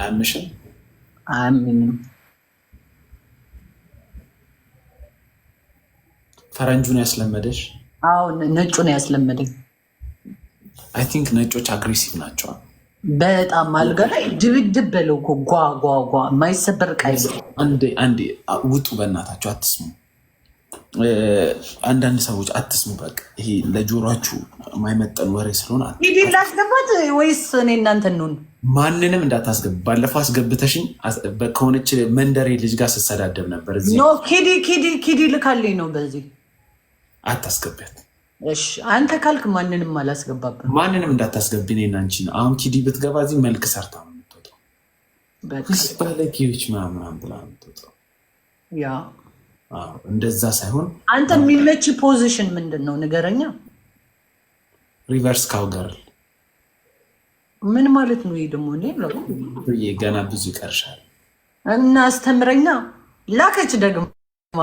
አያምሽም? አያምኝም። ፈረንጁን ያስለመደሽ? አዎ ነጩን ያስለመደኝ። አይ ቲንክ ነጮች አግሬሲቭ ናቸዋል። በጣም አልጋ ላይ ድብድብ በለው እኮ ጓጓጓ የማይሰበር ቃይ። አንዴ ውጡ በእናታቸው አትስሙ። አንዳንድ ሰዎች አትስሙ። በቃ ይሄ ለጆሯችሁ የማይመጠን ወሬ ስለሆነ ሂድን ላስገባት ወይስ እኔ እናንተ እንሆን ማንንም እንዳታስገብ። ባለፈው አስገብተሽኝ ከሆነች መንደሬ ልጅ ጋር ስሰዳደብ ነበር። ኪዲ ልካልኝ ነው። በዚህ አታስገቢያት። እሺ አንተ ካልክ ማንንም አላስገባብን። ማንንም እንዳታስገቢ እኔን አንቺ ነው። አሁን ኪዲ ብትገባ እዚህ መልክ ሰርታ ነው የምትወጣው። ባለጌዎች ምናምን ብላ ነው የምትወጣው። እንደዛ ሳይሆን አንተ የሚመች ፖዚሽን ምንድን ነው ንገረኛ። ሪቨርስ ካውገርል ምን ማለት ነው? ይሄ ደግሞ ገና ብዙ ይቀርሻል እና አስተምረኛ ላከች ደግሞ